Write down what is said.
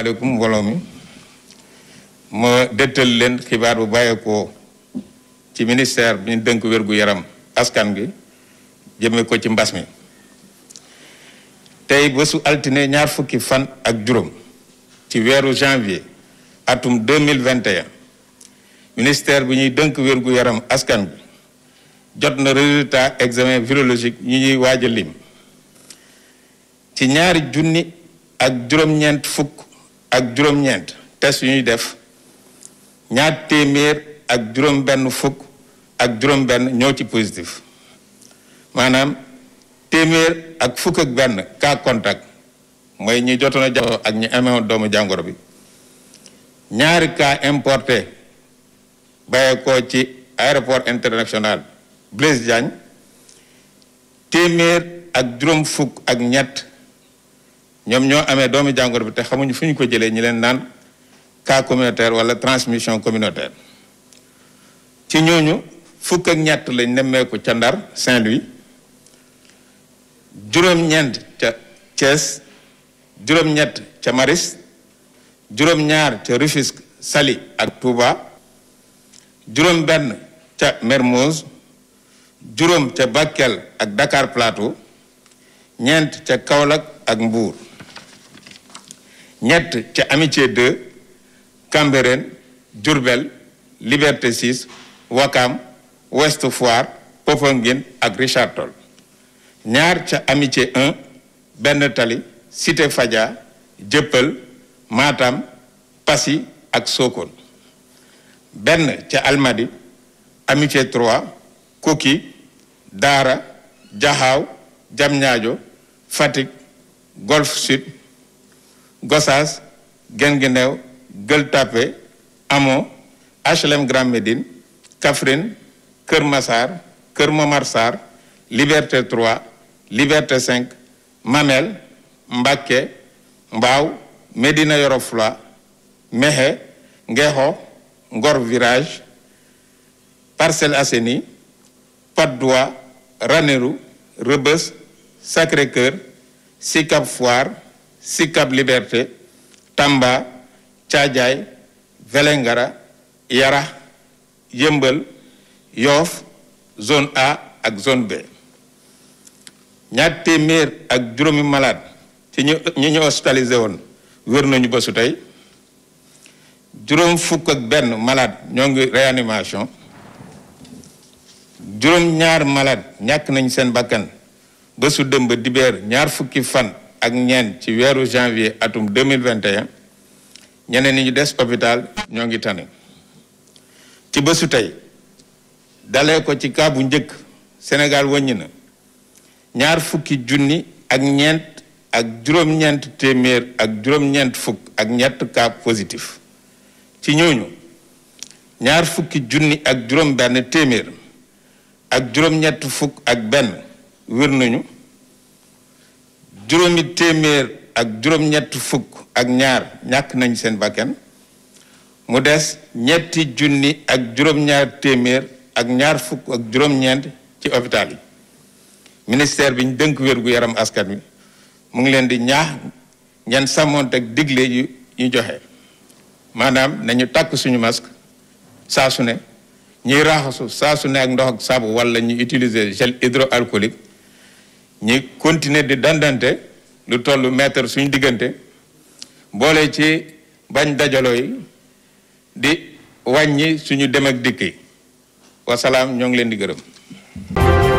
asalaamaaleykum mbooloo mi ma dëttal leen xibaar bu bàyyeekoo ci ministère bi ñu dënk wér gu yaram askan bi jëmme ko ci mbas mi tey bésu altine ñaar fukki fan ak juróom ci weeru janvier atum 2021 ministère bi ñuy dënk wér gu yaram askan bi jot na résultat examen virologique ñu ñuy waaj a lim ci ñaari junni ak juróom-ñeent fukk ak juróom-ñeent test yu ñuy def ñaar téeméer ak juróom-benn fukk ak juróom-benn ñoo ci positif maanaam téeméer ak fukk ak benn cas contact mooy ñu jotoon a jàngoro ak ñi amoon doomu jàngoro bi ñaari cas importé bàyyeekoo ci aéroport international Blaise Diagne téeméer ak juróom fukk ak ñett ñoom ñoo amee doomi jàngoro bi te xamuñu fi ñu ko jëlee ñi leen naan cas communautaire wala transmission communautaire ci ñooñu fukk ak ñett lañ nemmeeku ca Ndar Saint-Louis juróom-ñeent ca Thiès juróom-ñett ca Maris juróom-ñaar ca Rufisque Saly ak Touba juróom-benn ca Mermoz juróom ca Bakel ak Dakar Plateau ñeent ca kawlak ak mbuur ñett ca Amitié 2 Cambérène jurbel Liberté 6 Wakam Ouest Foire Popenguine ak Richard Toll ñaar ca Amitié 1 Benn Tali Cité Fadia Jëppal Matam Passy ak Sokone benn ca Almadi Amitié 3 Koki Daara Jaxaaw Jamñaajo Fatick Golf Sud Gossas Guinguinéo Gueule Tapée Hamo HLM Grand Médine Kaffrine Kër Massar Kër Momar Sarr Liberté 3 Liberté 5 Mamel Mbacké Mbao Médina Yoro Foulah Mékhé Ngor Virage Parcelles Assainies Patte d'Oie Ranérou Rebeuss Sacré-Cœur Sicap Foire Sicap Liberté Tamba Caajaay Vélingara Yara Yëmbal Yoof zone A ak zone B ñaar téeméer ak juróomi malade ci ñu ñi ñu hospitalisé woon wër nañu bésu tey juróom fukk ak benn malade ñoo ngi réanimation juróom ñaar malade ñàkk nañ seen bakkan bësu dëmb dibeer ñaar fukki fan ak ñeent ci weeru janvier atum 2021 ñeneen ñi ñu des hôpital ñoo ngi tane ci bésu tey dalee ko ci cas njëkk Sénégal wëññi na ñaar fukki junni ak ñeent ak juróom-ñeent ak juróom fukk ak ñett cas positif ci ñooñu ñaar fukki junni ak juróom benn téeméer ak juróom-ñett fukk ak benn wir nañu juróomi téeméer ak juróom-ñett fukk ak ñaar ñàkk nañ seen bakkan mu des ñetti junni ak juróom-ñaar téeméer ak ñaar fukk ak juróom-ñeent ci hôpital yi ministère bi ñu dënk wér-gu-yaram askan mi mu ngi leen di ñaax ngeen sàmmoont ak digle yu ñu joxe maanaam nañu tàkk suñu masque saa su ne ñuy raxasu saa su ne ak ndox ak saabu wala ñu utiliser gel hydroalcoolique ñi continuer di dandante lu tollu mètre suñ diggante boole ci bañ dajaloo di wàññi suñu dem ak dikk yi ñoo ngi leen di gërëm